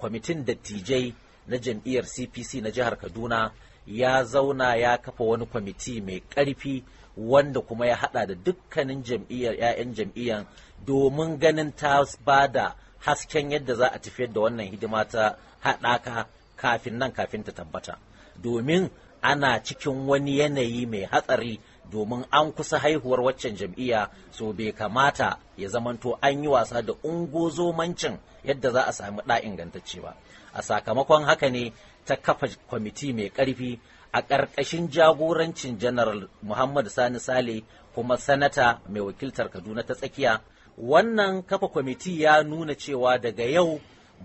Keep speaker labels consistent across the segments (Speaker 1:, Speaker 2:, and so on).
Speaker 1: kwamitin dattijai na jam'iyyar cpc na jihar kaduna ya zauna ya kafa wani kwamiti mai ƙarfi wanda kuma ya hada da dukkanin jam'iyyar 'ya'yan jam'iyyar domin ganin ta ba da hasken yadda za a tafiyar da wannan hidima ta haɗaka kafin nan kafin ta tabbata domin ana cikin wani yanayi mai hatsari domin an kusa haihuwar waccan jam'iyya so bai kamata ya zamanto an yi wasa da ungozomancin yadda za a sami ɗa ingantacce ba a sakamakon haka ne ta kafa kwamiti mai ƙarfi a ƙarƙashin jagorancin janaral muhammad sani sale kuma sanata mai wakiltar kaduna ta tsakiya wannan kafa kwamiti ya nuna cewa daga yau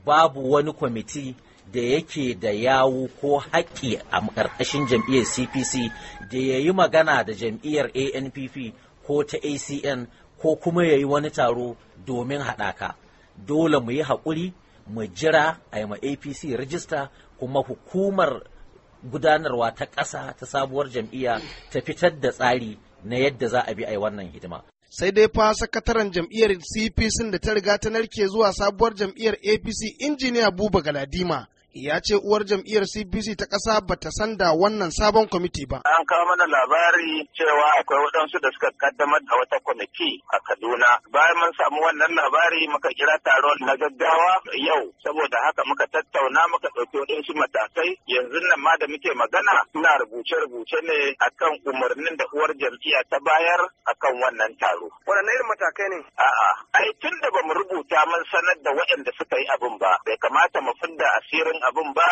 Speaker 1: babu wani kwamiti da yake da yawu ko haƙƙi a ƙarƙashin jam'iyyar cpc da ya yi magana da jam'iyyar anpp ko ta acn ko kuma ya yi wani taro domin haɗaka dole mu yi haƙuri mu jira a yi ma apc rijista kuma hukumar gudanarwa ta ƙasa ta sabuwar jam'iyya ta fitar da tsari na yadda za a bi a wannan hidima sai
Speaker 2: dai fa sakataren jam'iyyar cpc da ta riga ta narke zuwa sabuwar jam'iyyar apc injiniya buba galadima ya ce uwar jam'iyyar CPC ta ƙasa ba ta san da wannan sabon kwamiti ba. An kawo mana labari cewa akwai waɗansu da suka kaddamar da wata kwamiti a Kaduna. Bayan mun samu wannan labari
Speaker 3: muka kira taro na gaggawa yau saboda haka muka tattauna muka ɗauki waɗansu matakai yanzu nan ma da muke magana suna rubuce-rubuce ne akan umarnin da uwar jam'iyya ta bayar akan wannan taro. Wannan irin matakai ne? A'a, ai tun da bamu rubuta damar sanar da waɗanda suka yi abin ba bai kamata mu fidda asirin abin ba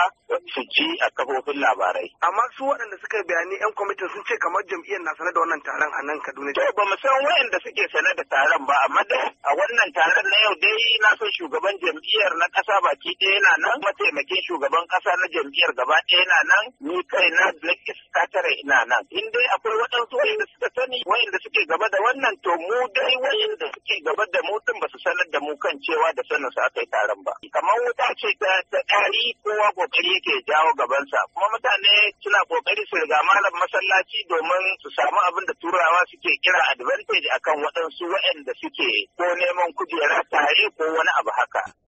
Speaker 3: su ji a kafofin labarai amma su waɗanda suka yi bayani yan kwamitin sun ce kamar jam'iyyar na sanar da wannan taron a nan Kaduna to ba mu san waɗanda suke sanar da taron ba amma da a wannan taron na yau dai na so shugaban jam'iyyar na ƙasa baki ɗaya na nan mataimakin shugaban ƙasa na jam'iyyar gaba ɗaya na nan ni kai na Black Scatter ina nan in dai akwai waɗansu waɗanda suka sani waɗanda suke gaba da wannan to mu dai waɗanda suke gaba da mu din ba su sanar da mu kan cewa da sanin sa aka yi taron ba kamar wuta ce ta tsari kowa kokari yake jawo gabansa kuma mutane suna kokari su riga malam masallaci domin su samu abin da turawa suke kira advantage akan waɗansu waɗanda suke ko neman kujera tare ko wani abu haka